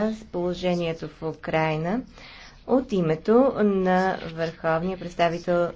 с положението в Украина от името на върховния представител